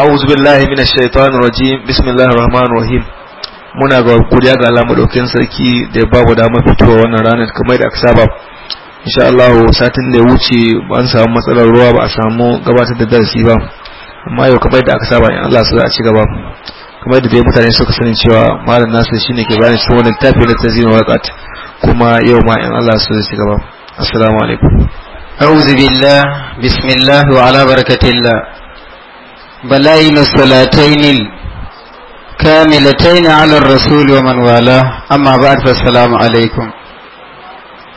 أعوذ بالله من الشيطان الرجيم بسم الله الرحمن muna ga godiya ga Allah madaukin sarki da ba mu damar fitowa wannan ranar kamar da aka saba insha Allah satin da ya wuce an samu matsalar ruwa ba a samu gabatar da darasi ba amma yau kamar da aka saba in Allah su za a ci gaba kamar da dai mutane suka sani cewa malam Nasir shine ke bayani cikin wannan tafi na tazina waqat kuma yau ma in Allah su ci gaba assalamu alaikum a'udhu billah bismillah wa ala barakatillah بلائن الصلاتين الكاملتين على الرسول ومن والاه أما بعد فالسلام عليكم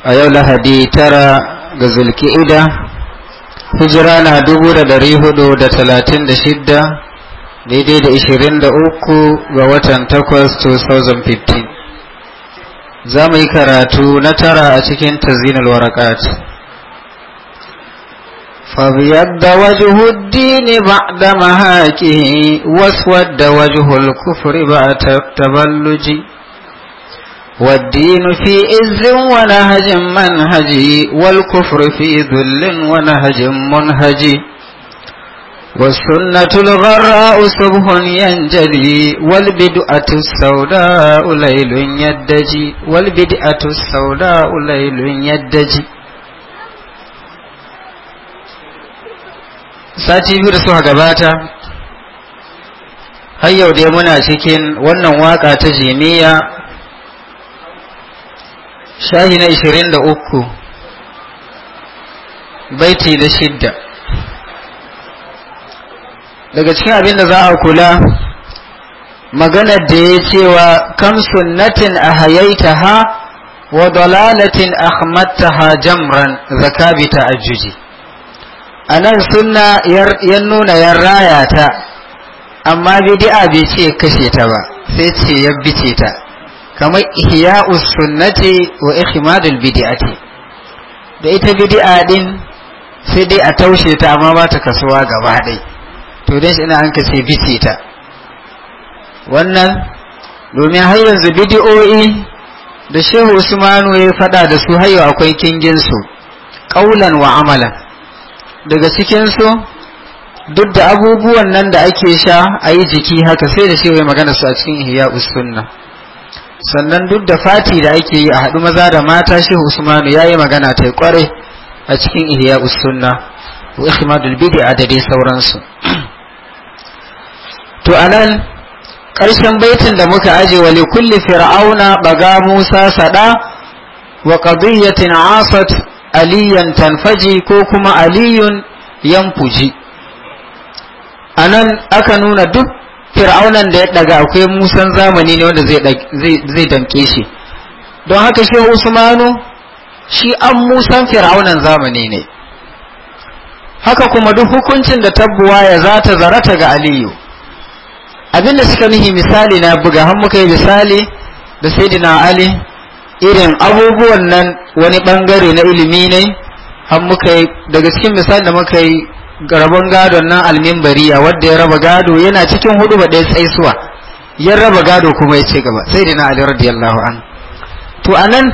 أيولا هدي ترى غزل كئدة هجرانا دبورة دريهدو دا تلاتين دا شدة daidai da 23 ga watan 8 2015 za mu yi karatu تزين الورقات a فابيض وجه الدين بعد مهاكه واسود وجه الكفر بعد التبلج والدين في إز ونهج منهج والكفر في ذل ونهج منهج والسنة الغراء صبح ينجلي والبدعة السوداء ليل يدجي والبدعة السوداء ليل يدجي sati biyu da suka gabata har yau dai muna cikin wannan waka ta jimiya shahi na 23 baiti da shidda daga cikin abin da za a kula maganar da ya cewa kam sunnatin a hayaita ha wa dalalatin ta ha jamran zakabita ta ajuji a nan sunna ya nuna ya raya ta amma bidi'a bai ce kashe ta ba sai ce ya bice ta kamar ihya'us sunnati wa ihmadul bid'ati da ita bidi'a din sai dai a taushe ta amma ba ta kasuwa gaba dai to dai shi ina an kace bice ta wannan domin har yanzu bidi'o'i da shehu usmanu ya fada da su hayo akwai kingin su qaulan wa amalan daga cikinsu duk da abubuwan nan da ake sha a yi jiki haka sai da shewa magana su a cikin ihya usunna sannan duk da fati da ake yi a haɗu maza da mata shi usmanu ya yi magana ta kware a cikin ihya usunna wa ihmadul bid'a da dai sauransu to anan ƙarshen baitin da muka aje wa kulli fir'auna baga musa sada wa qadiyatin asat aliyan tanfaji ko kuma aliyun yanfuji a nan aka nuna duk fir'aunan da ya daga akwai musan zamani ne wanda zai danke shi don haka shi usmanu shi an musan fir'aunan zamani ne haka kuma duk hukuncin da tabbuwa ya za ta zarata ga aliyu abinda suka nihi misali na buga har muka yi misali da saidina ali irin abubuwan nan wani bangare na ilimi ne an muka yi daga cikin misali da muka yi rabon gadon nan a wadda ya raba gado yana cikin hudu ba ɗaya tsaisuwa ya raba gado kuma ya ce gaba sai dina ali radiyallahu an to nan,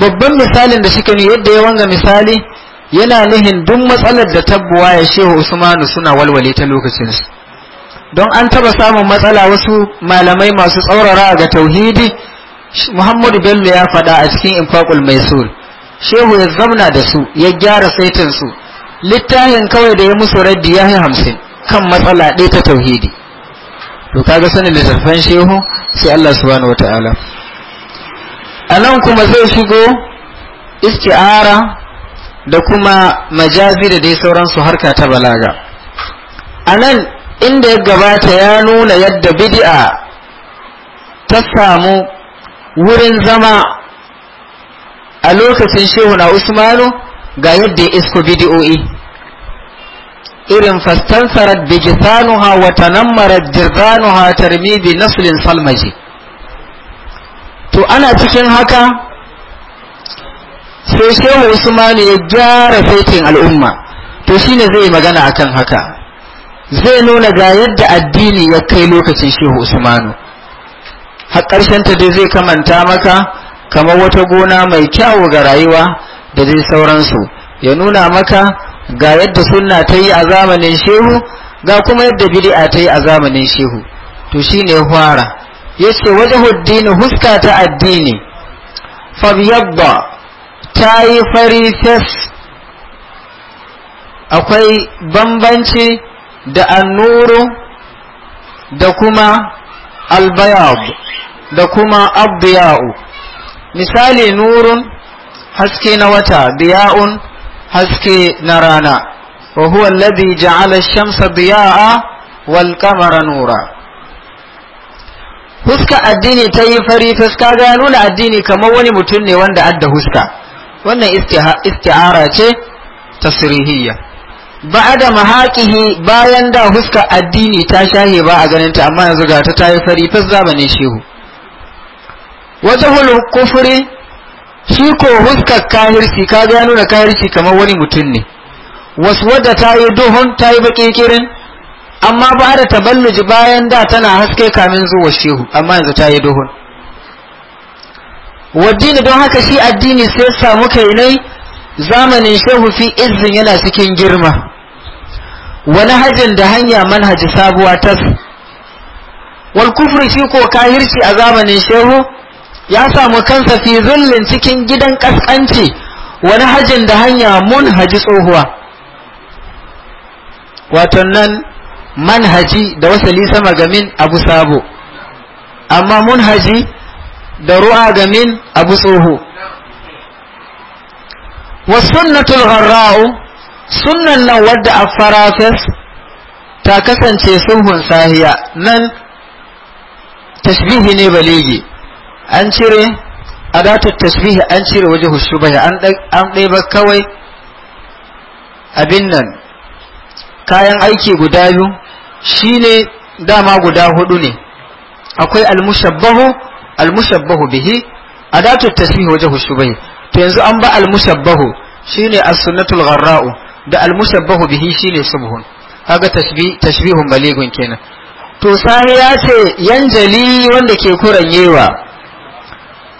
babban misalin da shika ne yadda ya wanga misali yana nihin duk matsalar da tabbuwa ya shehu usmanu suna walwale ta lokacin don an taba samun matsala wasu malamai masu tsaurara ga tauhidi Muhammadu Bello ya faɗa a cikin Infaqul Maisur shehu ya zamna da su ya gyara saitin su littafin kawai da ya musu raddi ya hamsin kan matsala ɗaya ta tauhidi to kaga sanin littattafan shehu sai Allah subhanahu wataala anan kuma zai shigo isti'ara da kuma majazi da dai sauransu harka ta balaga nan inda ya gabata ya nuna yadda bid'a ta samu wurin zama a lokacin shehu na usmanu ga yadda ya isko bidiyoyi irin fastansarar bigisanuha wata ha jirganuha tarmibi nasulin salmaji to ana cikin haka sai shehu usmanu ya gyara fetin al'umma to shine zai magana akan haka zai nuna ga yadda addini ya kai lokacin shehu usmanu har ta dai zai kamanta maka kamar wata gona mai kyawu ga rayuwa da dai sauransu ya nuna maka ga yadda sunna ta yi a zamanin shehu ga kuma yadda bid'a ta yi a zamanin shehu to shine fara yace wajhuddin huska ta addini fabyadda ta yi fari fes akwai bambanci da annuru da kuma albayad da kuma abbiya'u misali nurun haske na wata biya'un haske na rana wa huwa alladhi ja'ala ash-shamsa biya'a wal qamara nura huska addini ta yi fari fuska ga nuna addini kamar wani mutum ne wanda adda huska wannan isti'ara ce tasrihiyya ba'ada mahaqihi bayan da huska addini ta shahe ba a ganin ta amma yanzu ga ta tayi fari fas ne shehu wajhul kufri shi ko huska kahirci ka ga nuna kahirci kamar wani mutum ne wasu wadda ta yi duhun ta yi baki kirin amma ba da taballuji bayan da tana haske kamin zuwa shehu amma yanzu ta yi duhun waddini don haka shi addini sai samu kai zamanin shehu fi izin yana cikin girma wani hajin da hanya manhaji sabuwa tas wal kufri shi ko kahirci a zamanin shehu ya samu kansa fi zullin cikin gidan kaskanci wani hajin da hanya munhaji tsohuwa wato nan manhaji da wasali sama gamin abu sabo amma munhaji da ru'a gamin abu tsohuwa wa sunnatul gharra'u sunnan nan wadda a farafes ta kasance sulhun sahiya nan tashbihi ne baligi an cire adatul tashbihi an cire waje shubahi an ɗaiba kawai abin nan kayan aiki guda biyu ne dama guda hudu ne akwai almushabbahu almushabbahu bihi adatul tashbihi waje shubahi to yanzu an ba al-mushabbahu shine as-sunnatul gharra'u da al-mushabbahu bihi shine subhun kaga tashbih tashbihun baligun kenan to sai ya ce yanjali wanda ke kuranyewa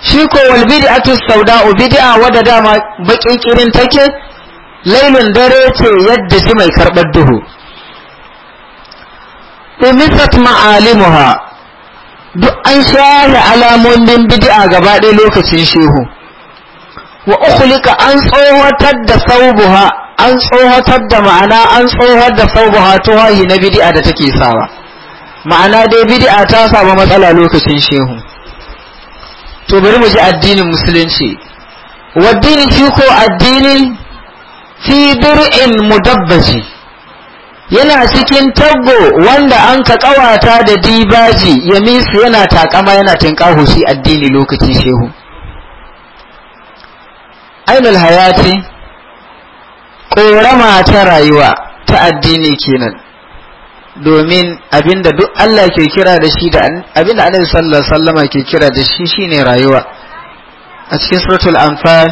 shi ko wal bid'atu sauda'u bid'a wadda dama bakin kirin take lailun dare ce yadda shi mai karbar duhu umisat ma'alimuha duk an share alamomin bid'a gaba ɗaya lokacin shehu wa ukhlika an tsohatar da saubuha an tsohatar da ma'ana an tsohar da saubuha tuwahi na bid'a da take sawa ma'ana dai bid'a ta samu matsala lokacin shehu to bari mu ji addinin musulunci wa waddini shi ko addinin fi bir'in mudabbaji yana cikin tabbo wanda an ka kawata da dibaji ya misu yana takama yana tinkahu shi addini lokacin shehu ainul hayati korama ta rayuwa ta addini kenan domin abinda duk Allah ke kira da shi da abinda Annabi sallallahu alaihi wasallama ke kira da shi shine rayuwa a cikin suratul anfal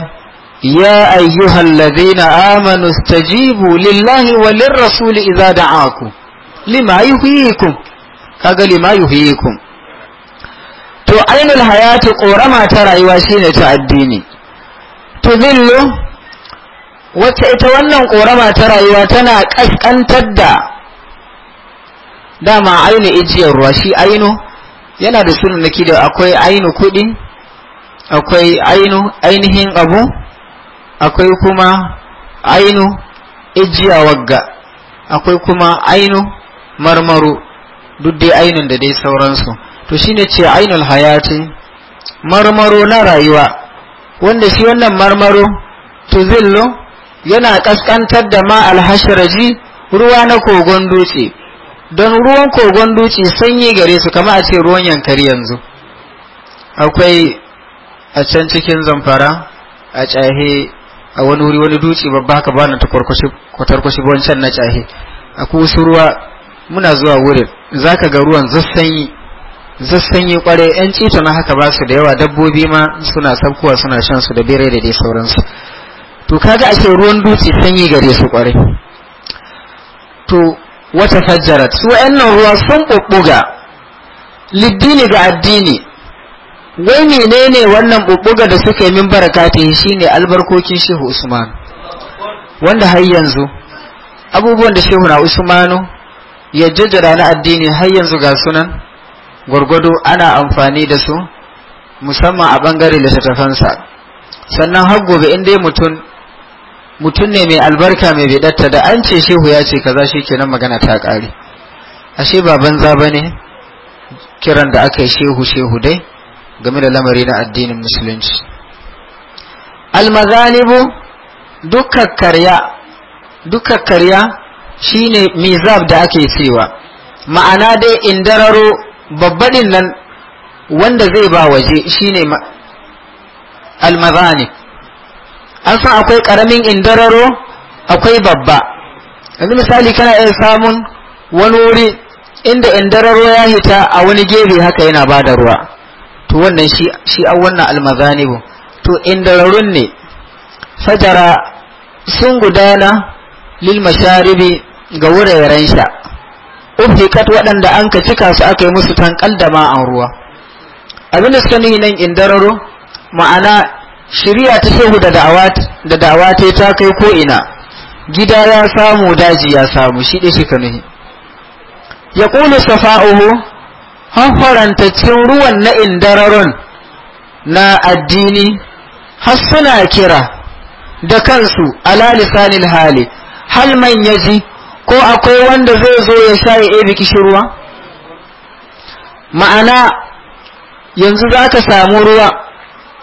ya ayyuhal ladhina amanu istajibu lillahi walir rasuli idza da'akum lima yuhyikum kaga lima yuhyikum to ainul hayati korama ta rayuwa shine ta addini tuzillu wacce ita wannan ƙorama ta rayuwa tana ƙasƙantar da dama aini ijiyar ruwa shi aino yana da sunan da da akwai aino kuɗi akwai aino ainihin abu akwai kuma aino ijiya wagga akwai kuma aino marmaru duk dai ainun da dai sauransu to shine ce ainul hayati marmaro na rayuwa wanda shi wannan marmaro tuzillo yana kaskantar da ma alhashraji ruwa na kogon dutse don ruwan kogon dutse sanyi gare su kama a ce ruwan yankari yanzu akwai a can cikin zamfara a cahe a wani wuri wani dutse babba haka ba na kwatarkwashi wancan na cahe a kusurwa muna zuwa wurin zaka ga ruwan zassanyi yi kwarai yan cito na haka ba su da yawa dabbobi ma suna sabkuwa suna shan su da bere da dai sauransu to kaga ashe ruwan dutse sanyi gare su kwarai to wata fajjarat su wayannan ruwa sun bubbuga liddini ga addini wai menene wannan bubbuga da suka yi min yi shine albarkokin shehu usman wanda har yanzu abubuwan da shehu na usmanu ya jajjara na addini har yanzu ga sunan gwargwado ana amfani da su musamman a ɓangare littattafansa sannan har gobe in dai mutum ne mai albarka mai bidatta da an ce shehu ya ce kaza shi kenan magana ta ƙare ashe ba banza ba ne kiran da aka yi shehu shehu dai game da lamari na addinin musulunci almazanibu dukkan karya dukkan karya shine mizab da ake cewa ma'ana dai indararo babbaɗin nan wanda zai ba waje shine almazani an san akwai ƙaramin indararo akwai babba yanzu misali kana iya samun wani wuri inda indararo ya hita a wani gefe haka yana ba da ruwa to wannan shi an wannan bu to indararun ne fajara sun gudana lil masharibi ga wuraren sha uhdiqat waɗanda an ka cika su aka yi musu tankal da ma'an ruwa abin da suka nan dararo ma'ana shirya ta shehu da da'awat da da'awate ta kai ko ina gida ya samu daji ya samu shi dai shi ka ya ƙulu safa'uhu hanfarantaccen ruwan na indararon na addini har suna kira da kansu ala lisanil hali hal man yaji ko akwai wanda zai zo ya sha ya ebe kishirwa ma'ana yanzu za ka samu ruwa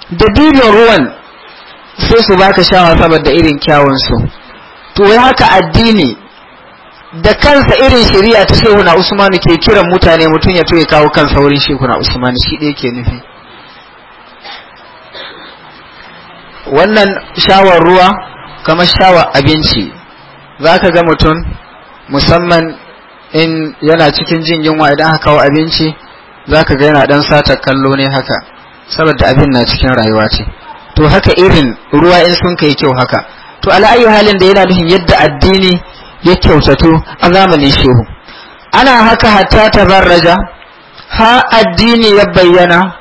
da dibin ruwan sai su baka shawa saboda irin kyawunsu to wai haka addini da kansa irin shari'a ta shehuna usmanu ke kiran mutane mutum ya to kawo kansa wurin na usmanu shi ɗaya ke nufi wannan shawar ruwa kamar shawar abinci za ka ga mutum musamman in yana cikin jin yunwa idan aka kawo abinci za ka ga yana ɗan sata kallo ne haka saboda abin na cikin rayuwa ce to haka irin ruwa in sun kai kyau haka to ala'ayi halin da yana nufin yadda addini ya kyautato a zamanin shehu ana haka hatta tabarraja ha addini ya bayyana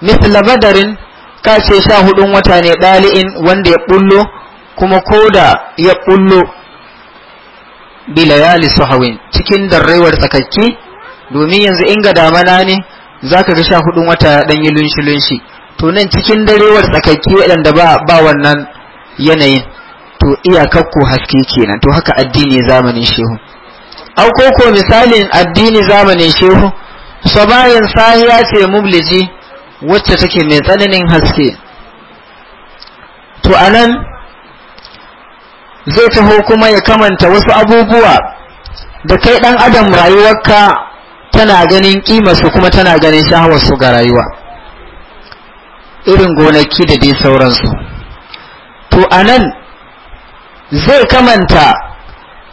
mithla badarin kace sha hudun wata ne ɗali'in wanda ya bullo kuma ko da ya bullo bilayali suhawin cikin darrewar tsakakke domin yanzu inga damana ne zaka ga sha wata dan yi lunshi lunshi to nan cikin darewar tsakakki waɗanda ba ba wannan yanayin to iyakar ko haske kenan to haka addini zamanin shehu au ko misalin addini zamanin shehu sabayin sahiya ce mubliji wacce take mai tsananin haske to anan zai taho kuma ya kamanta wasu abubuwa da kai ɗan adam rayuwarka tana ganin su kuma tana ganin su ga rayuwa irin gonaki da dai sauransu to a nan zai kamanta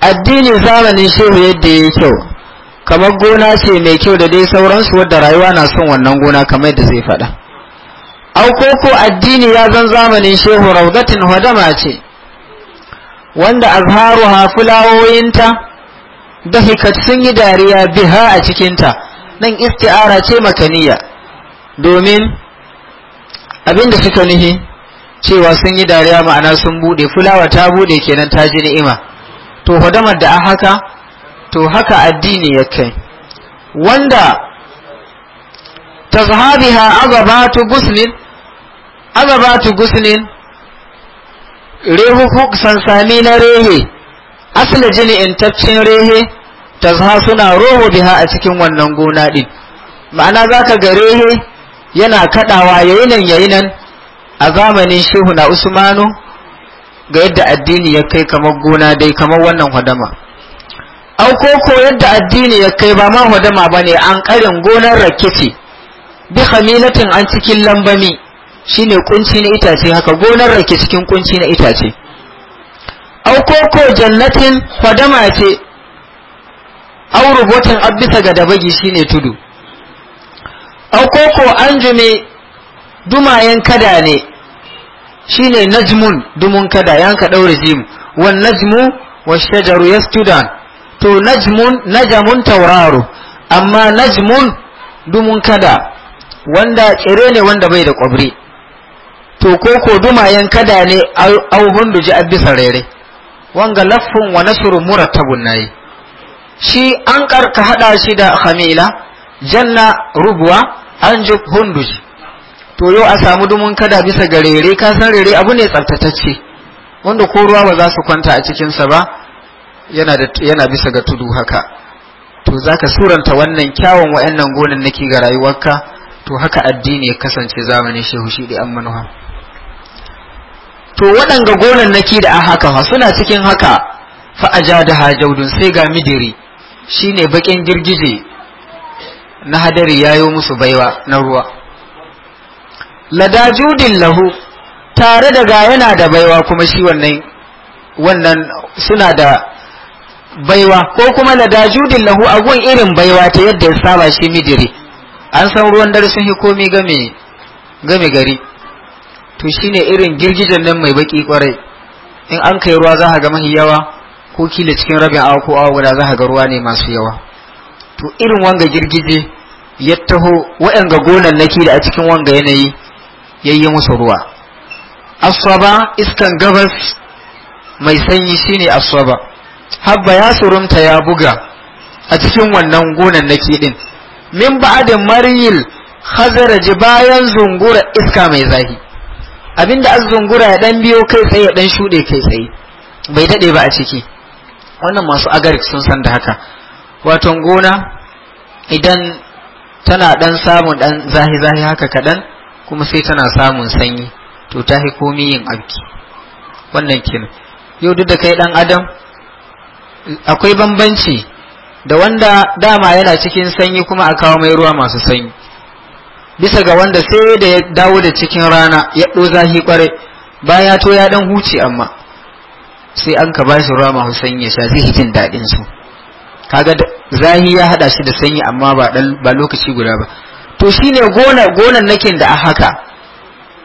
addini zamanin shehu yadda ya kyau kamar gona ce mai kyau da dai sauransu wadda rayuwa na son wannan gona kamar yadda zai faɗa au ko addini ya zan zamanin shehu raudatin hadama ce wanda azharuha fulawoyinta dahikat sun yi dariya biha a cikin ta. nan isti'ara ce makaniya domin abinda suka nihi cewa sun yi dariya ma'ana sun bude fulawa ta bude kenan ta ji ni'ima to hodamar da haka to haka addini ya kai wanda tazhabiha azabatu guslin azabatu guslin san Sami na rehe asali jini intaccin rehe ta suna roho biha a cikin wannan gona din. ma'ana za ka ga rehe yana kaɗawa yayi nan yayi nan a zamanin shehu na usmanu ga yadda addini ya kai kamar gona dai kamar wannan hadama au ko yadda addini ya kai ba ma hadama bane an karin gonar rakiti bi khamilatin an cikin lambami shine kunci na itace haka gonar rake cikin kunci na itace au ko jannatin fadama ce au rubotin abisa ga dabagi shine tudu au koko anjume dumayen kada ne shine najmun dumun kada yanka daure zimu wan najmu washajaru yastudan to najmun najamun tauraro amma najmun dumun kada wanda tsire ne wanda bai da kwabri to ko ko dumayen kada ne au hundu a bisa rere wanga laffin wa nasru muratabun nayi shi an karka hada shi da khamila janna rubuwa an ji ji to yo a samu dumun kada bisa ga rere ka san rere abu ne tsaftatacce wanda ko ruwa ba za su kwanta a cikinsa ba yana da yana bisa ga tudu haka to zaka suranta wannan kyawun wa'annan gonan nake ga rayuwarka to haka addini ya kasance zamanin shehu shi da an manuha to waɗanga naki da a haka suna cikin haka fa fa'aja da hajaudun sai ga midiri shine bakin girgije na hadari yayo musu baiwa na ruwa ladajudin lahu tare da ga yana da baiwa kuma shi wannan wannan suna da baiwa ko kuma ladajudin lahu agun irin baiwa ta yadda ya saba shi midiri an san ruwan dare sun hi komi game game gari to shine irin girgijen nan mai baki kwarai in an kai ruwa za ga mahi yawa ko kila cikin rabin awa ko awa guda za ga ruwa ne masu yawa to irin wanga girgije ya taho waɗanga gonannaki da a cikin wanga yanayi yayye musu ruwa aswaba iskan gabas mai sanyi shine aswaba habba ya surumta ya buga a cikin wannan gonannaki din min ba'adin mariyil khazaraji bayan zungura iska mai zahi Abin abinda azungura ya dan biyo kai tsaye ya dan shuɗe kai tsaye bai daɗe ba a ciki wannan masu agarik sun san da haka wato gona idan tana dan samun dan zahi-zahi haka kaɗan kuma sai tana samun sanyi to ta hi komi yin abki wannan kenan yau duk da kai dan adam akwai bambanci da wanda dama yana cikin sanyi kuma a kawo mai ruwa masu sanyi bisa ga wanda sai da ya dawo da cikin rana ya ɗo zahi kware baya to ya dan huce amma sai an ka bashi rama Hussein ya sha zai jin daɗin su kaga zahi ya hada shi da sanyi amma ba dan ba lokaci guda ba to shine gona gonan nakin da a haka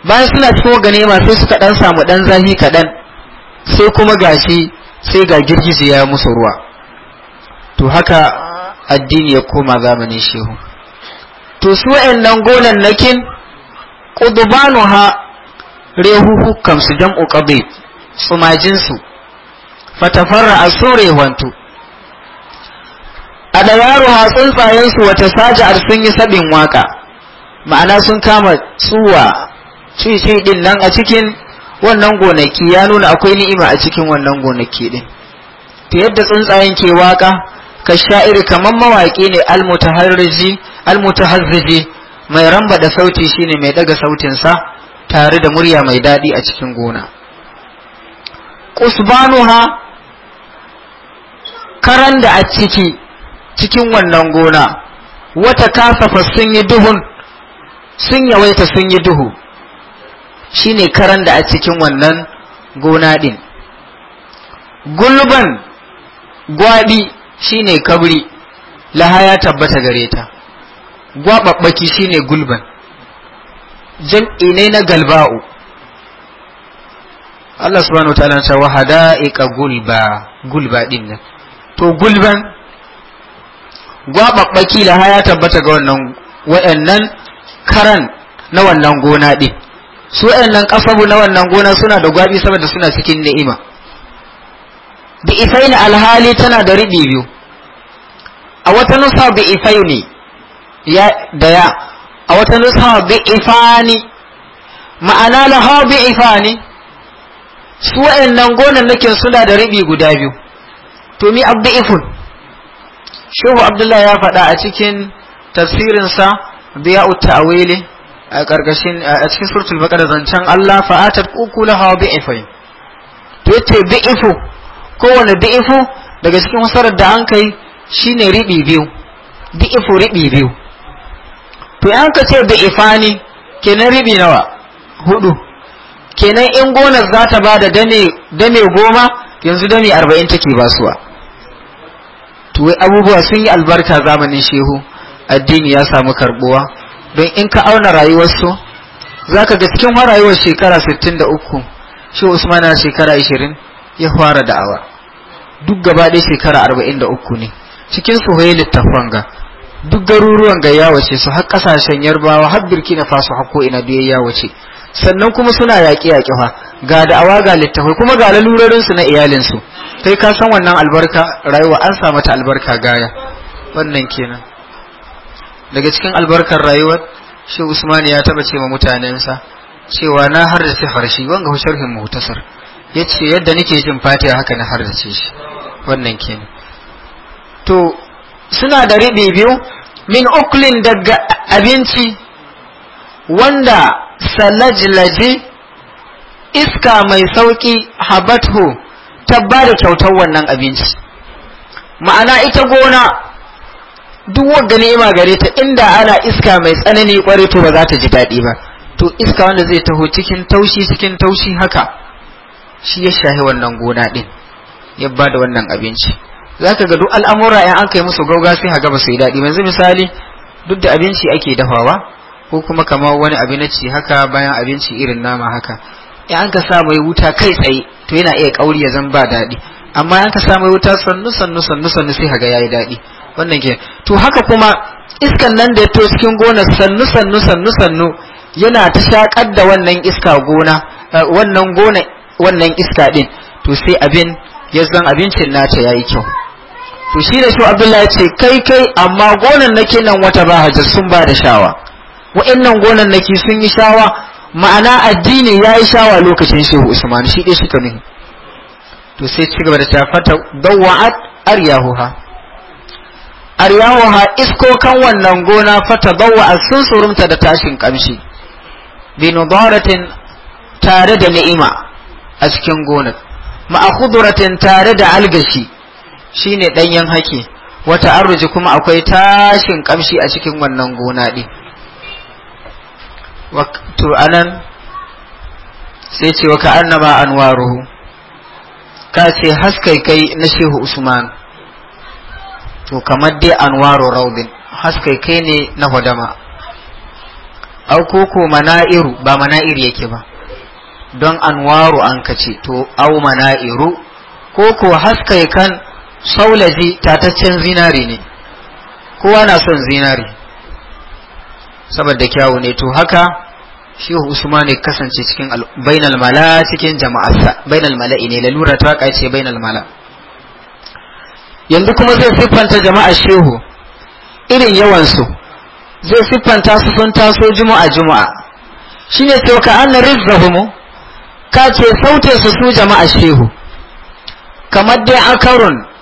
bayan suna cikin nema sai suka ɗan samu ɗan zahi kaɗan sai kuma gashi sai ga girgije ya musu ruwa to haka addini ya koma zamanin shehu to su wa'annan gonannakin ƙudubanuha rehuhukan su jam'u ƙabe tsumajinsu fatafarra a surewantu a da yaro ha tsuntsayensu wata saja sun yi sabin waka ma'ana sun kama tsuwa cici din nan a cikin wannan gonaki ya nuna akwai ni'ima a cikin wannan gonaki din ta yadda tsuntsayen ke waka ka sha'iri kamar mawaƙi ne almutaharriji almutahazzifi mai ramba da sauti shine mai daga sa tare da murya mai daɗi a cikin gona ƙusbanuha karan da a ciki cikin wannan gona wata kasafa sun yi duhun sun yawaita sun yi duhu shine karan da a cikin wannan gona din. gulban gwabi shine kabri laha ya tabbata gareta. gwaɓaɓɓaki shine gulban jam'i ne na galba'u Allah subhanahu wa ta'ala ta wahada ika gulba gulba din nan to gulban gwaɓaɓɓaki la ya tabbata ga wannan wayannan karan na wannan gona din su wayannan kasabu na wannan gona suna da gwabi saboda suna cikin ni'ima bi ifaini alhali tana da riɓi biyu a wata nusa bi ifaini ya da ya a wata nusa bi ifani ma'ana la ha bi ifani su wa'annan nake suna da ribi guda biyu to mi abdu ifun shehu abdullah ya faɗa a cikin tasirinsa biya ta'awili a ƙarƙashin a cikin suratul baqara zancen Allah la ha bi ifai to yace bi ifu kowane bi ifu daga cikin wasarar da an kai shine ribi biyu bi ifu ribi biyu to yan ka ce da ifani kenan ribi nawa hudu kenan in gonar za ta ba da dame goma yanzu dame arba'in take basuwa to wai abubuwa sun yi albarka zamanin shehu addini ya samu karbuwa don in ka auna rayuwarsu za ka ga cikin rayuwar shekara 63 shi usman na shekara 20 ya fara da'awa duk gaba ɗaya shekara 43 ne cikin su hoye littafan ga duk garuruwan ga ya wace su har kasashen yarbawa har burkina faso har ko ina duk ya wace sannan kuma suna yaƙi yaƙi fa ga da'awa ga littafai kuma ga lalurorin su na iyalinsu su kai ka san wannan albarka rayuwa an sa mata albarka gaya wannan kenan daga cikin albarkar rayuwar shi Usman ya taba ce ma mutanensa cewa na har da sifar harshe wanga hu sharhin muhtasar yace yadda nake jin fatiha haka na har da ce shi wannan kenan to suna da ribi biyu min uklin daga abinci wanda salajlaji iska mai sauƙi habathu ta ba da kyautar wannan abinci ma'ana ita gona duk wadda ni'ima gare ta inda ana iska mai tsanani kwarai to ba za ta ji daɗi ba to iska wanda zai taho cikin taushi cikin taushi haka shi ya shahi wannan gona ɗin ya ba da wannan abinci za ka ga duk al'amura in an kai musu gauga sai haga ba su yi daɗi yanzu misali duk da abinci ake dafawa ko kuma kamar wani abin na ci haka bayan abinci irin nama haka in an ka sa mai wuta kai tsaye to yana iya kauri ya zan ba daɗi amma in ka sa mai wuta sannu sannu sannu sannu sai ga yayi daɗi wannan ke to haka kuma iskan nan da ya to cikin gona sannu sannu sannu sannu yana ta shakar da wannan iska gona eh, wannan gona wannan iska din to sai abin ya zan abincin nata yayi kyau to shi da shi abdullahi ya ce kai kai amma gonan nake nan wata ba hajjar sun ba da shawa wa'annan gonan nake sun yi shawa ma'ana addini ya yi shawa lokacin shehu usman shi shi suka nuhi to sai ci gaba da tafata dawa'at aryahuha aryahuha iskokan wannan gona fata dawa'at sun surumta da tashin kamshi bi nudaratin tare da ni'ima a cikin gonar ma'a tare da algashi shine danyen haki wata arruji kuma akwai tashin kamshi a cikin wannan gona din to anan sai ce wa ka'annama anwaruhu ka ce haskai kai na shehu usman to kamar dai anwaru raudin haskai kai ne na hudama au koko mana'iru ba mana'ir yake ba don anwaru an kace to au mana'iru koko haskai kan saulaji tataccen zinari ne kowa na son zinari saboda kyawu ne to haka shehu usman ne kasance cikin bainal mala cikin jama'arsa bainal mala'i ne lalura ta kai ce bainal mala yanzu kuma zai siffanta jama'ar shehu irin yawansu zai siffanta su sun taso juma'a juma'a shine sai ka anna rizqahum ka ce saute su su jama'a shehu kamar dai akarun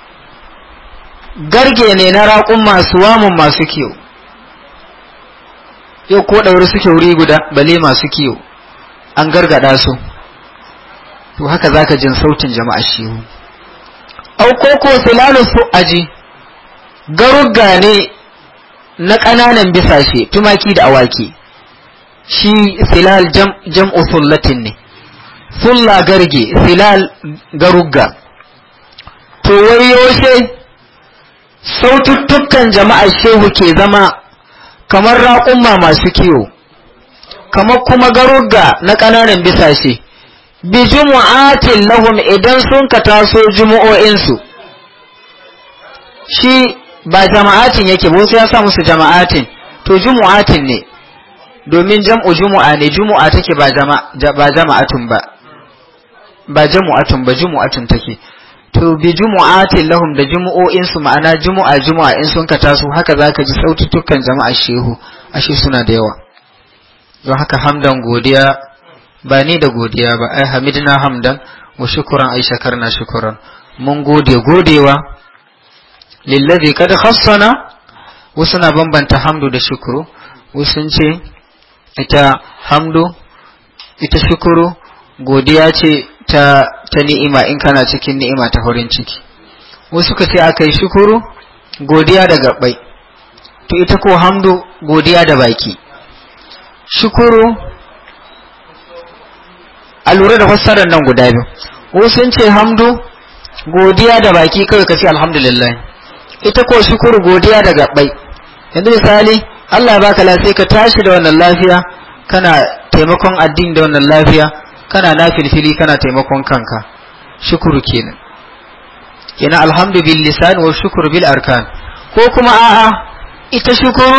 garge ne na raƙun masu wamun masu kiyo yau ko ɗauri suke wuri guda bale masu kiyo an gargada su to haka zaka jin sautin jama'a shiwu au ko silalu su aji garugga ne na ƙananan bisashe tumaki da awaki shi jam jam'u sullatin ne sulla garge silal garugga to wai yoshe saututtukan jama'a shehu ke zama kamar raƙumma masu kiwo kamar kuma garurga na ƙananan bisashe bi jumu'atin lahum idan sun ka taso jumu'o'insu shi ba jama'atin yake ba wasu ya sa musu jama'atin to jumu'atin ne domin jam'u jumu'a ne jumu'a take ba jama'atun ba ba jama'atun ba jumu'atun take to bi jumu'atin lahum da jumu'o'in su ma'ana jumu'a jumu'a in sun ka taso haka zaka ji sautukan jama'a shehu ashe suna da yawa don haka hamdan godiya ba ni da godiya ba ai hamidna hamdan wa shukran ai shakarna shukran mun gode godewa lillazi kad khassana wasu na bambanta hamdu da shukru wasu sun ce ita hamdu ita shukuru godiya ce ta ta ni'ima in kana cikin ni'ima ta horin ciki wasu ka ce aka yi shukuru godiya da gabbai to ita ko hamdu godiya da baki shukuru a lura da fassarar nan guda biyu wasu ce hamdu godiya da baki kawai ka ce alhamdulillah ita ko shukuru godiya da gabbai yanzu misali Allah baka lafiya ka tashi da wannan lafiya kana taimakon addini da wannan lafiya kana nafilfili kana taimakon kanka shukuru kenan kenan alhamdu bil lisan wa shukuru bil arkan ko kuma a'a ita shukuru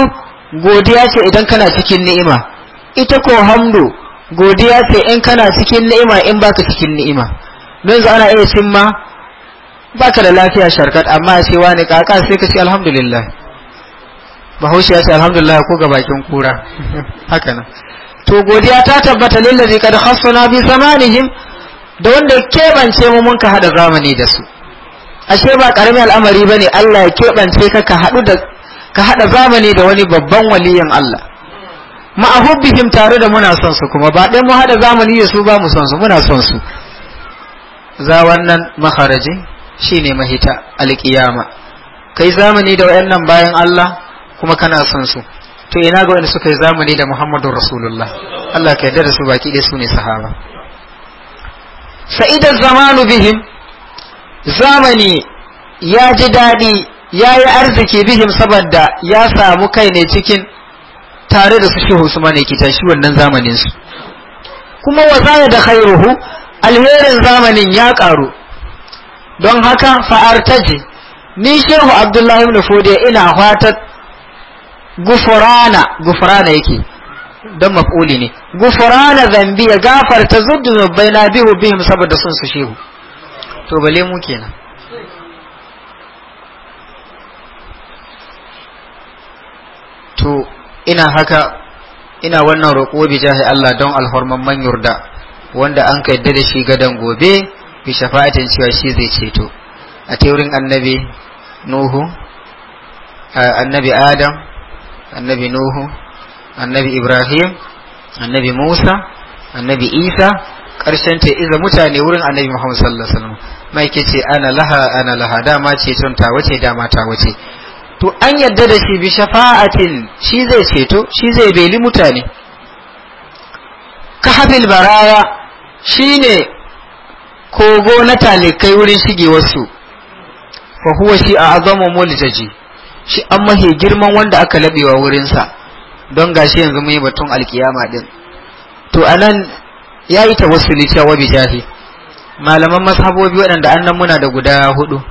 godiya ce idan kana cikin ni'ima ita ko hamdu godiya ce in kana cikin ni'ima in baka cikin ni'ima don za ana iya cimma baka da lafiya sharkat amma sai wani kaka sai ka ce alhamdulillah bahaushe ya ce alhamdulillah ko ga bakin kura haka nan to godiya ta tabbata lillazi kad khassana bi zamanihim da wanda keɓance mu mun ka hada zamani da su ashe ba karamin al'amari bane Allah ya keɓance ka ka hadu da ka hada zamani da wani babban waliyin Allah ahubbihim tare da muna son su kuma ba dai mu hada zamani da su ba mu son su muna son su za wannan maharaji shine mahita alƙiyama kai zamani da wayannan bayan Allah kuma kana son su to ina ga wanda suka yi zamani da Muhammadu rasulullah Allah ka yarda da su baki ɗaya su ne sahaba sa'idar zamanu bihim zamani ya ji daɗi ya yi arziki bihim saboda ya samu kai ne cikin tare da su shi Usman yake tashi wannan zamanin kuma wa zaya da khairuhu alherin zamanin ya karu don haka fa'artaji ni shehu abdullahi ibn fodiya ina fatar gufurana gufurana yake don maf'uli ne gufurana zambi ya gafarta zuddu zubbai na bihu bihim saboda sun su shehu to bale mu kenan to ina haka ina wannan roƙo bi jahi Allah don alhorman man yurda wanda an ka yadda da shi gadon gobe bi shafa'atin cewa shi zai ceto a teurin annabi nuhu annabi adam annabi nuhu annabi ibrahim annabi musa annabi isa ƙarshen ta iza mutane wurin annabi muhammad sallallahu alaihi wasallam mai ke ce ana laha ana laha dama ceton ta wace dama ta wace to an yadda da shi bi shafa'atin shi zai ceto shi zai beli mutane kahabil baraya shine kogo na talikai wurin shigewarsu fa huwa shi a azamu muljaji shi an mahe girman wanda aka laɓewa wurinsa don gashi yanzu mai batun alkiyama din to anan ya yi tawassuli cewa bi jahi malaman mashabobi waɗanda annan muna da guda hudu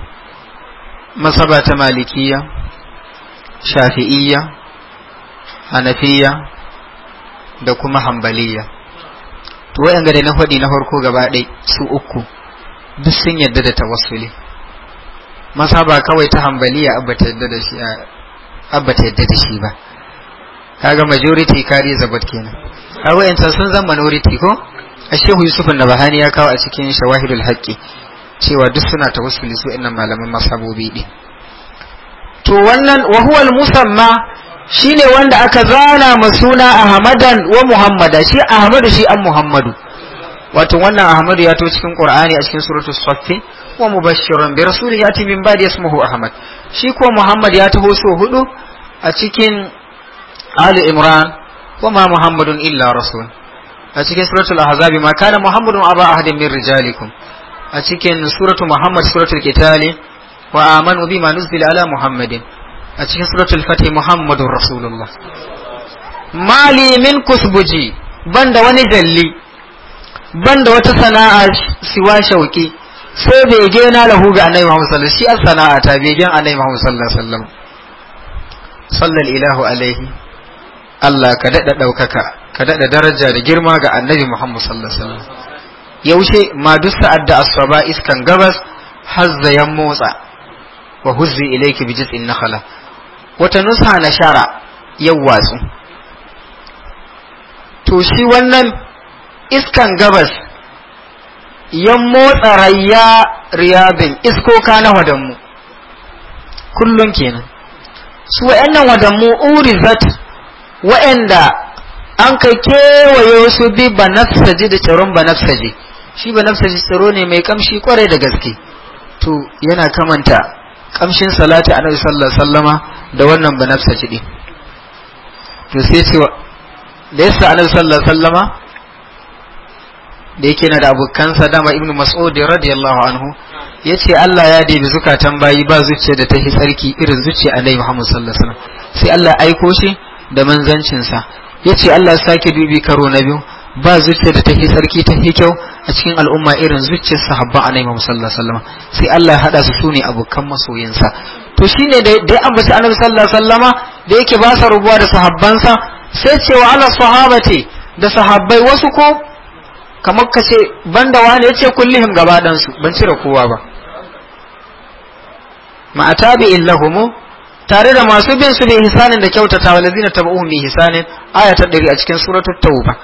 masaba ta malikiya shafi'iyya hanafiya da kuma hambaliya to waɗanda da na faɗi na farko gaba ɗaya su uku duk sun yarda da tawassuli Masa ba kawai ta hambaliya abba ta yadda da shi ba kaga majority kari zabat kenan a yanta sun zan minority ko a shehu yusuf na bahani ya kawo a cikin shawahidul haƙƙi. cewa duk suna ta tawassuli ina malamin malaman masabobi din to wannan wahuwal musamma shi ne wanda aka zana ma suna ahmadan wa muhammada shi ahmadu shi an muhammadu wato wannan ahmadu ya to cikin ƙura'ani a cikin suratul saffin wa mubashshirun bi rasulin yati min ba'di ismuhu ahmad shi ko muhammad ya taho so hudu a cikin ali imran wa ma muhammadun illa rasul a cikin suratul ahzabi ma kana muhammadun aba ahadin min rijalikum a cikin suratul muhammad suratul qitali wa amanu bima nuzila ala muhammadin a cikin suratul fatih muhammadun rasulullah mali min kusbuji banda wani jalli banda wata sana'a siwa shauki sai bege na lahu ga annabi Muhammad sallallahu alaihi wasallam shi sana'a ta begen annabi Muhammad sallallahu alaihi wasallam sallallahu ilahu alaihi Allah ka dada daukaka ka dada daraja da girma ga annabi Muhammad sallallahu alaihi wasallam yaushe ma duk sa'ad da asaba iskan gabas hazza ya motsa wa huzzi ilayki bi jiz'in nakhla wata nusa na shara yawwatsu to shi wannan iskan gabas yan motsa rayya riyabin iskoka na wadanmu kullum kenan su wa'annan wadanmu urizat wa'anda an kai kewaye su bi banafsaji da tsaron banafsaji shi banafsaji tsaro ne mai kamshi kwarai da gaske to yana kamanta kamshin salati annabi sallallahu alaihi wasallama da wannan banafsaji din to sai ce da yasa annabi sallallahu alaihi wasallama da yake na da abokansa dama ibn mas'ud radiyallahu anhu yace Allah ya debi zukatan bayi ba zuciya da ta hi tsarki irin zuciya Annabi Muhammad sallallahu alaihi wasallam sai Allah aiko shi da manzancin sa yace Allah sake dubi karo na biyu ba zuciya da ta hi tsarki ta hi kyau a cikin al'umma irin zuciyar sahabba Annabi Muhammad sallallahu alaihi wasallam sai Allah ya hada su sune abokan masoyinsa to shine da dai ambaci Annabi sallallahu alaihi wasallama da yake ba sa rubuwa da sahabbansa sai cewa ala sahabati da sahabbai wasu ko kamar ka banda wani ya ce kullihim gaba ɗansu ban cire kowa ba ma'a tabi'in lahumu tare da masu bin su bi hisanin da kyautata wa lazina tab'uhum bi hisanin aya ta a cikin suratul tauba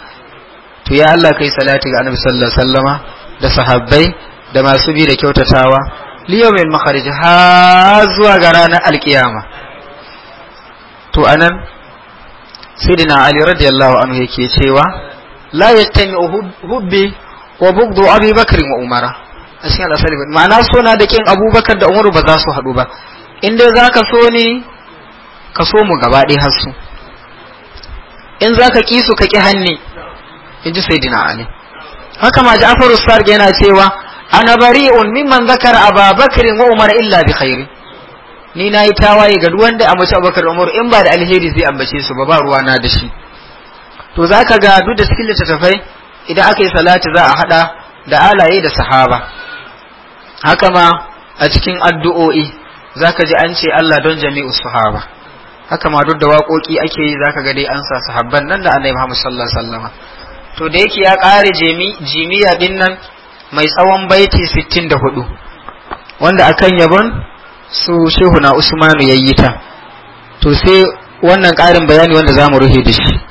to ya Allah kai salati ga annabi sallallahu alaihi wasallama da sahabbai da masu bi da kyautatawa liyawmin makharij ha zuwa ga ranar alkiyama to anan sayyidina ali radiyallahu anhu yake cewa la yastami'u hubbi wa bughdu Abi Bakr wa Umar a cikin al-asali ma'ana sona da kin Abu Bakar da Umar ba za su hadu ba in dai zaka so ni ka so mu gaba ɗaya har su in zaka ki su ka ki hanni in ji sayyidina Ali haka ma Ja'far as-Sadiq yana cewa ana bari'un mimman zakara Abu Bakr wa Umar illa bi khairi ni nayi tawaye ga duk wanda mace Abu Bakar Umar in ba da alheri zai ambace su ba ba ruwa na da shi to za ka ga duk da cikin littattafai idan aka yi salati za a haɗa da alaye da sahaba haka ma a cikin addu'o'i za ka ji an ce Allah don jami'u sahaba haka ma duk da waƙoƙi ake yi za ka ga dai an sa sahabban nan da annabi Muhammad sallallahu alaihi wasallam to da yake ya ƙare jimiya din nan mai tsawon baiti 64 wanda akan yabon su shehu na Usmanu yayi ta to sai wannan ƙarin bayani wanda za mu ruhe da shi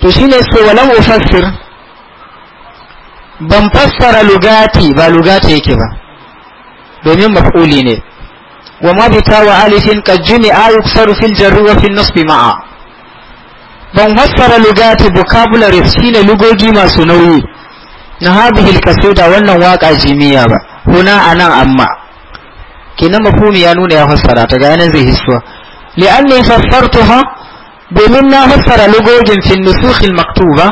to shi ne so walam ufassir ban fassara lugati ba lugati yake ba domin maf'uli ne wa ma bi tawa alifin ka jumi'a yuksaru fil jarri wa fil nasbi ma'a ban fassara lugati vocabulary shine lugogi masu nauyi na habihil da wannan waka jimiya ba huna a nan amma kenan mafumi ya nuna ya fassara ta ga yanan zai hissuwa li'anni fassartuha domin na fassara lugogin fin nusukhil maktuba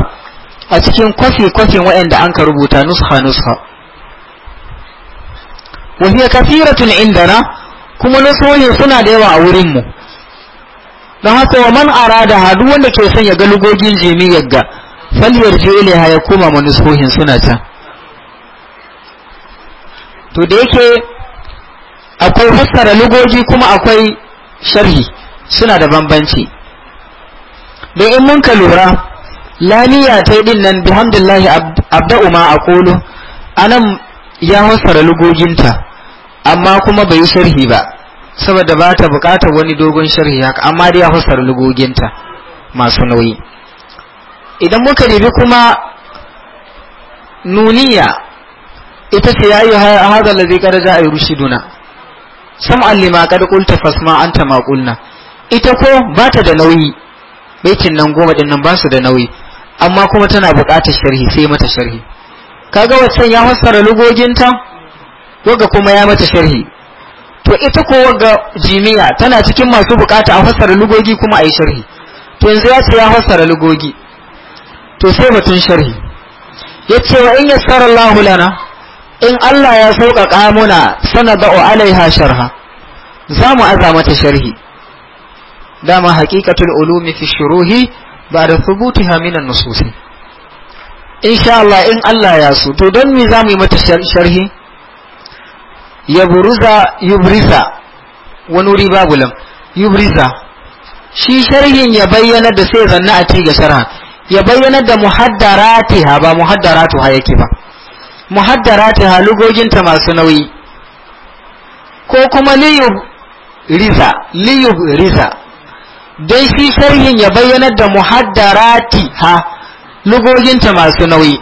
a cikin kwafi kwafin waɗanda an ka rubuta nusha nusha wa hiya kathiratun indana kuma nusuhin suna da yawa a wurin mu dan haka wa man arada ha duk wanda ke son ya ga lugogin jimiyyar ga faliyar jele ha ya koma ma nusuhin suna can to da yake akwai fassara lugogi kuma akwai sharhi suna da bambanci da in mun ka lura lamiya ta yi din nan bihamdillahi abda'u ma a aqulu anan ya hasara lugoginta amma kuma bai yi sharhi ba saboda ba ta bukatar wani dogon sharhi haka amma dai ya hasara lugoginta masu nauyi idan muka dibi kuma nuniya ita ce ya yayi hada ladhi qad ja'a yurshiduna sam'an lima qad qulta fasma anta ma qulna ita ko ba ta da nauyi baitin nan goma din nan ba su da nauyi amma kuma tana buƙatar sharhi sai mata sharhi kaga waccan ya fassara ko ga kuma ya mata sharhi to ita ko ga jimiya tana cikin masu buƙata a fassara lugogi kuma a yi sharhi to yanzu ya ce ya fassara lugogi to sai batun sharhi ya ce wa in yassara Allahu lana in Allah ya sauƙaƙa muna sanada'u alaiha sharha za mu aza mata sharhi dama haqiqatul ulumi in Allah ya so to don me zamu yi mata sharhi yabruza yubriza wani wuri babu lam yubriza shi sharhin ya bayyana da sai zanna a ci ga sharha ya bayyana da muhaddaratiha ba muhaddaratuha yake ba muhaddaratiha lugoginta masu nauyi ko kuma liyub riza liyub riza dai shi sharhin ya bayyana da muhaddarati ha lugoginta masu nauyi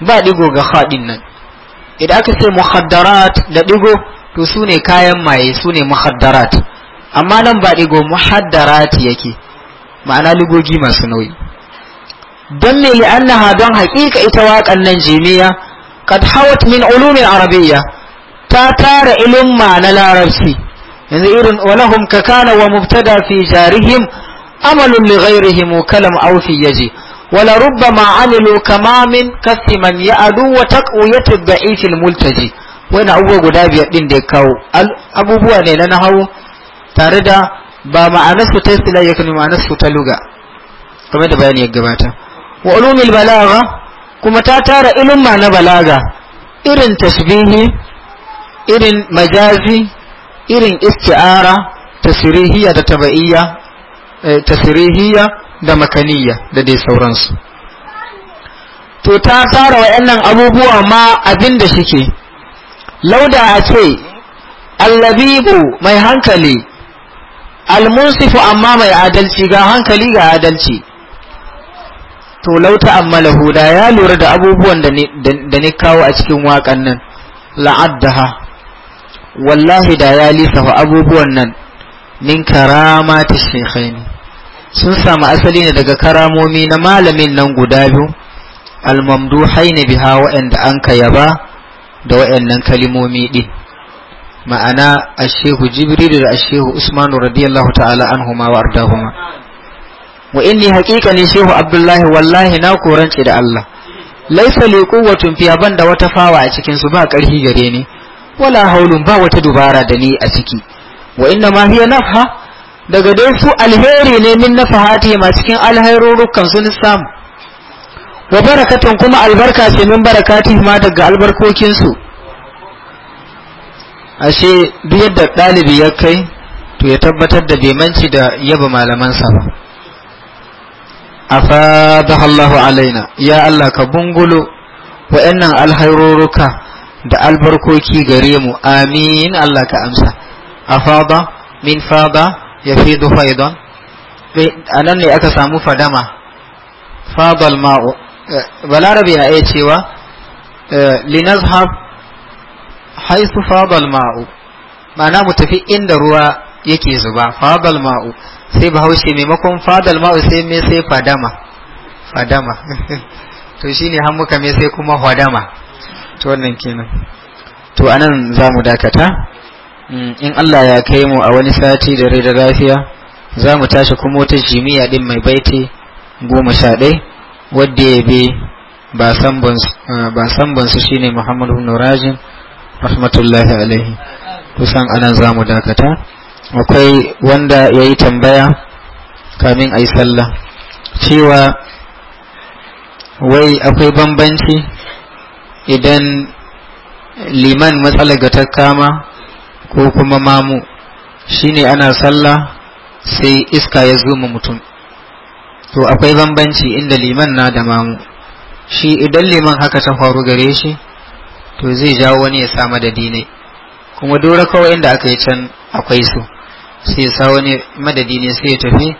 ba digo ga haɗin nan idan aka ce muhaddarat da digo to su ne kayan maye su ne muhaddarat amma nan ba digo muhaddarati yake ma'ana lugogi masu nauyi don me annaha don haƙiƙa ita waƙan nan jimiya kad hawat min ulumin arabiyya ta tara ilimma na larabci yanzu irin walahum ka kana wa mubtada fi jarihim amalun li ghairihim kalam aw fi yaji wala rubbama amilu kama min kasi man ya'adu wa taqwiyatu ad-da'if al-multaji wannan abubuwa guda biyar din da ya kawo abubuwa ne na nahawu tare da ba ma'anarsu ta sila ya kani ma'anarsu ta luga kamar da bayani ya gabata wa ulumil balaga kuma ta tara ilimma na balaga irin tasbihi irin majazi irin isti'ara tasirihiyya da taba'iyya eh, tasirihiyya da makaniyya da dai sauransu to ta tsara waɗannan abubuwa ma abin da shike lauda a ce allabibu mai hankali almunsifu amma mai adalci ga hankali ga adalci to lauta amma lahuda ya lura da abubuwan da ni kawo a cikin waƙan nan la'addaha wallahi da ya lisafa abubuwan nan min karama ta shekhaini sun samu asali ne daga karamomi na malamin nan guda biyu almamduhaini biha waanda an ka yaba da waɗannan kalimomi ɗin ma'ana ashehu jibril da ashehu usmanu radiyallahu ta'ala anhuma wa ardahuma wa inni haƙiƙa ne shehu abdullahi wallahi na korance da allah laisa li quwwatun fiya da wata fawa a cikin su ba ƙarfi gare ni wala haulun ba wata dubara da ni a ciki wa inna ma hiya nafha daga dai su alheri ne min nafahati ma cikin alhairurukan sun samu wa barakatun kuma albarka ce min barakati ma daga albarkokin su ashe duk yadda ɗalibi ya kai to ya tabbatar da bai manci da yaba malamansa ba afadaha Allahu alaina ya Allah ka bungulo wa'annan alhairuruka da albarkoki gare mu amin Allah ka amsa afada min fada yafidu faidan anan ne aka samu fadama fadal ma'u eh, balarabi na iya cewa eh, linazhab haisu fadal ma'u ma'ana mu tafi inda ruwa yake zuba fadal ma'u sai bahaushe maimakon fadal ma'u sai me sai fadama fadama to shine har muka me sai kuma fadama to wannan kenan to anan za mu dakata mm, in Allah ya kai mu a wani sati da rai da lafiya za mu tashi kuma wata jimiya din mai baiti goma sha ɗai wadda ya bi ba san bansu shine muhammadu nurajin rahmatullahi alaihi kusan anan za mu dakata akwai wanda ya yi tambaya kamin a yi sallah cewa wai akwai bambanci idan liman matsala ga ta ko kuma mamu shine ana sallah sai iska ya zo mutum to akwai bambanci inda liman na da mamu shi idan liman haka ta faru gare shi to zai jawo wani ya sa madadi ne kuma dora kawai inda aka yi can akwai su sai ya sa wani madadi ne sai ya tafi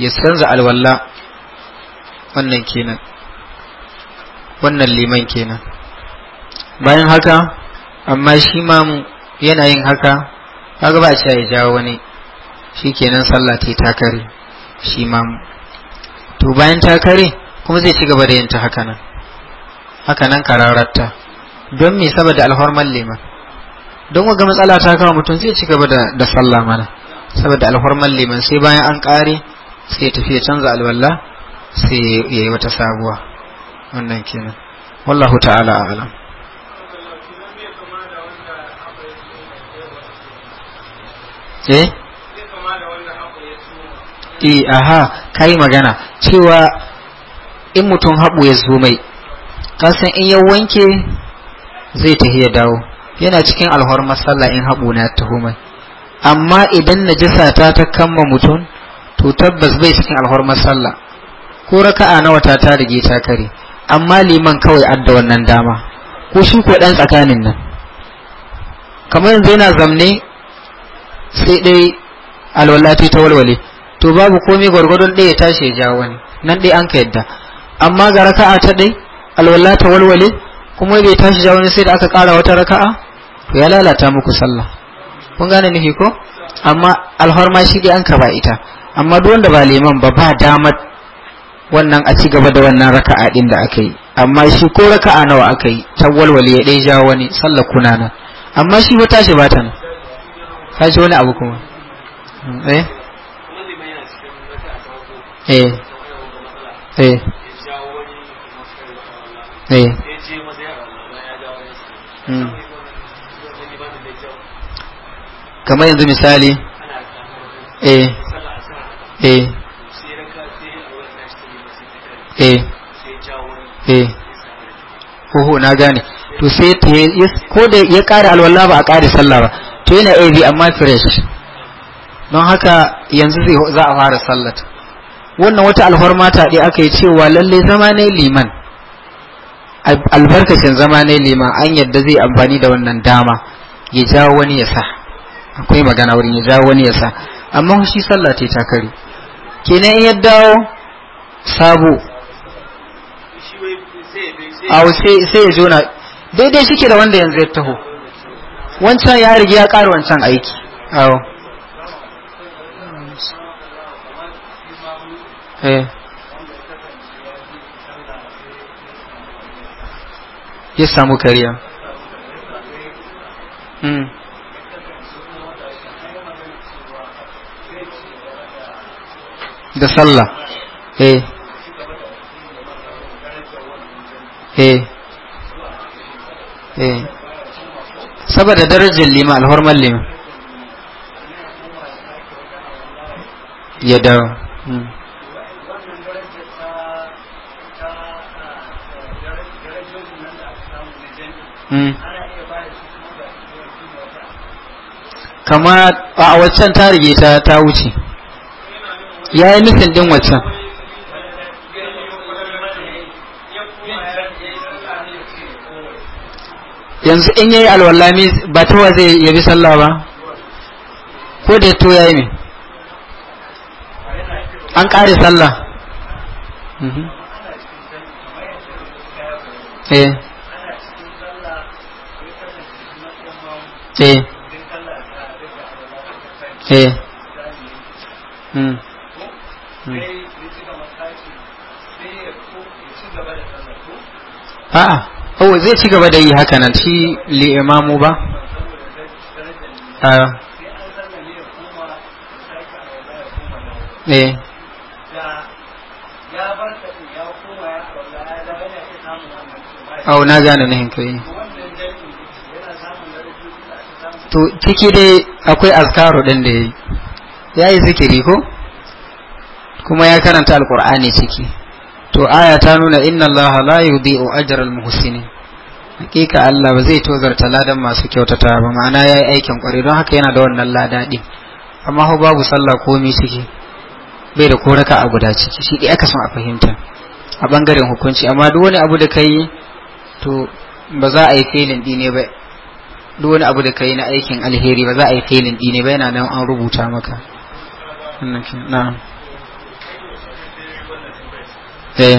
ya canza alwala wannan kenan wannan liman kenan bayan haka amma shi mamu yana yin haka kaga ba ya jawo wani shikenan sallah ta takare kare shi mamu to bayan takare kuma zai ci gaba da yin ta haka nan haka nan kararatta don me saboda alhorman liman don ga matsala ta kama mutum zai ci gaba da sallah mana saboda alhorman liman sai bayan an kare sai tafi ya canza alwala sai ya yi wata sabuwa wannan kenan wallahu ta'ala a'lam eh e, aha kai magana cewa in mutum haɓu ya zo mai kasan in ya wanke zai tafi ya dawo yana cikin alhawar sallah in haɓu na taho mai amma idan najasa ta ta kama mutum to tabbas bai cikin alhawar sallah ko raka'a nawa wata ta rige ta kare amma liman kawai adda wannan dama ko shi ko dan tsakanin nan kamar yanzu yana zamne sai dai alwala ta ta walwale to babu komai gwargwadon ɗaya tashi ya jawo wani nan dai an ka yadda amma ga raka'a ta dai alwala ta walwale kuma bai tashi jawo wani sai da aka ƙara wata raka'a to ya lalata muku sallah kun gane nufi ko amma alhorma shi dai an ka ba ita amma duk wanda ba liman ba ba damar wannan a ci gaba da wannan raka'a din da aka yi amma shi ko raka'a nawa aka yi ta walwale ya ɗaya jawo wani sallah kunana amma shi ba tashi ba ta nan ka ji wani abu kuma eh eh eh eh hmm. kamar yanzu misali eh eh eh eh oho na gane to sai ko da ya kare alwala ba a kare sallah ba to yana av amma fresh don haka yanzu zai za a fara sallat wannan wata alfarma ta dai aka yi cewa lalle zama ne liman albarkacin zama ne liman an yadda zai amfani da wannan dama ya jawo wani ya sa akwai magana wurin ya jawo wani ya sa amma shi sallah ta kare kenan in ya dawo sabo a sai ya zo na daidai shi da wanda yanzu ya taho wancan ya riga ya ƙara wancan aiki awo eh. ya samu kariya hmm. da sallah eh eh eh saboda darajar lima alhormar lima ya dawo hmm. Hmm. kama a waccan ta rige ta ta wuce ya yi nufin din waccan yanzu in yayi alwallami ba wa zai yabi sallah ba ko da to yayi ne an kare sallah mhm. eh eh eh hmm, hmm. a'a oh zai ci gaba da yi haka nan shi li'imamu ba au eh. oh, na gane na hankali to ciki dai akwai azkaru ɗin da ya yi zikiri ko kuma ya karanta Al-Qur'ani ciki to aya ta nuna inna Allah la yudhi'u al muhsinin hakika Allah ba zai tozarta ladan masu kyautata ba ma'ana yayi aikin kwarai don haka yana da wannan lada din amma ho babu sallah komai ciki bai da ko a guda ciki shi dai aka son a fahimta a bangaren hukunci amma duk wani abu da kai to ba za a yi failin dine ba duk wani abu da kai na aikin alheri ba za a yi failin dine ba yana nan an rubuta maka na'am Eh.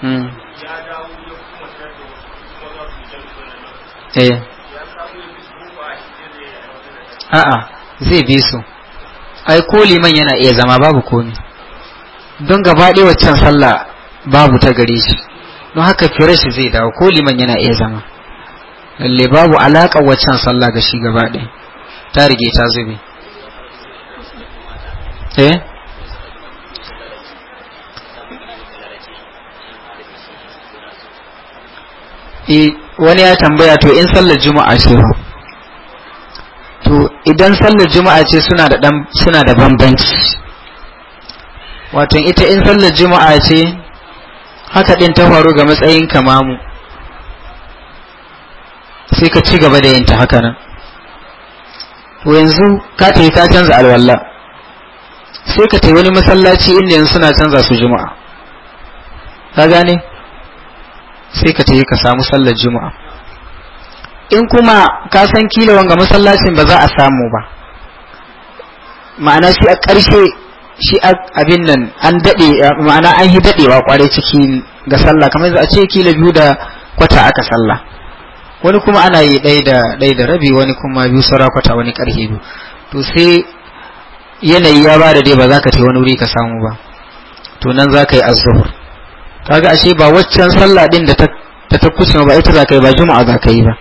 Hmm. Eh. a'a zai bi su ai ko liman yana iya zama babu komi don gaba ɗaya waccan sallah babu ta gare shi don haka firashi zai dawo ko liman yana iya zama lalle babu alaƙa waccan sallah ga shi gaba ɗaya ta rige ta zube eh e wani ya tambaya to in sallar juma'a ce ba to idan sallar juma'a ce suna da dan suna da bambanci wato ita in sallar juma'a ce haka din ta faru ga matsayin kamamu sai ka ci gaba da yin ta haka nan to yanzu ka tafi ka canza alwala sai ka tafi wani masallaci inda yanzu suna canza su juma'a ka gane sai ka tafi ka samu sallar juma'a in kuma ka san kila wanga masallacin ba za a samu ba ma'ana shi a ƙarshe shi abin nan an daɗe ma'ana an yi daɗewa ƙwarai ciki ga sallah kamar a ce kila biyu da kwata aka sallah wani kuma ana yi ɗaya da ɗaya da rabi wani kuma biyu saura kwata wani ƙarfe biyu to sai yanayi ya bada dai ba za ka ce wani wuri ka samu ba to nan za ka yi azzuhur kaga ashe ba waccan sallah din da ta ta kusa ba ita za ba juma'a za yi ba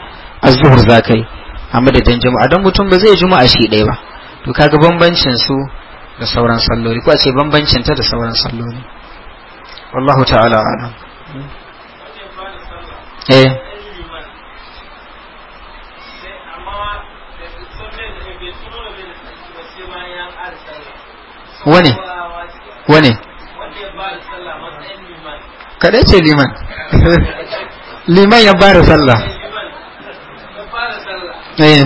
azhur za amma da a juma'a don mutum ba zai juma'a shi dai ba to kaga bambancin su da sauran salloli ko ashe bambancin ta da sauran salloli wallahu ta'ala alam eh wani wani Kaɗai ce liman liman ya bada sallah eh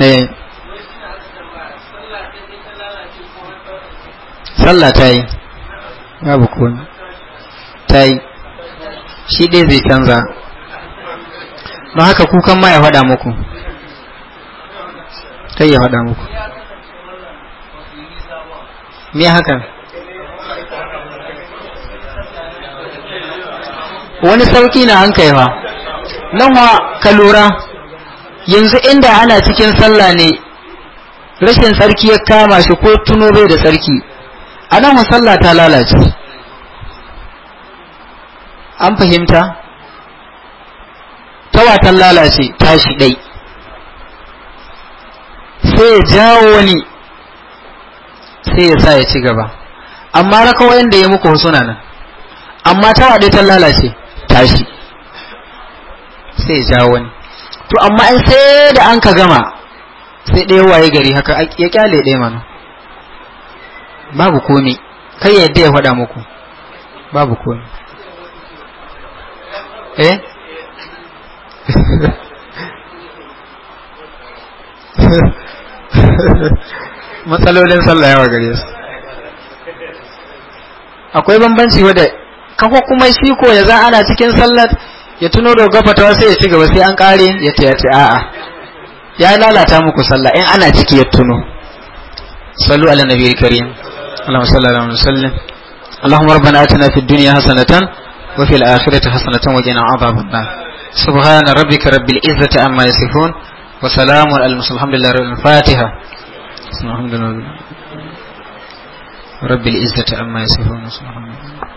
eh sallah ta yi babu kone ta yi shi dai zai canza don haka kukan ma ya faɗa muku kai ya faɗa muku me hakan wani sauki na an kaiwa nan wa ka lura yanzu inda ana cikin sallah ne rashin sarki ya kama shi ko tuno bai da sarki a nan sallah ta lalace an fahimta tawatan lalace tashi dai sai ya jawo wani sai ya sa ya ci gaba amma wayan da ya muku husuna nan amma ta wade ta lalace tashi sai ya ja wani to amma in sai da an ka gama sai ɗaya waye gari haka ya kyale ɗaya mana babu komi kai yadda ya faɗa muku babu komi eh matsalolin sallah yawa gare su akwai bambanci wadda kafa kuma shi ko ya za ana cikin sallar ya tuno da gafatawa sai ya ci gaba sai an kare ya ta yace a'a ya lalata muku sallah in ana ciki ya tuno sallu ala nabiyil karim allahumma salli ala وسلم اللهم ربنا اتنا في الدنيا حسنه وفي الاخره حسنه وقنا عذاب النار سبحان ربك رب العزه عما يصفون وسلام على المرسلين الحمد لله رب الفاتحه سبحان الله رب العزة عما يصفون سبحان الله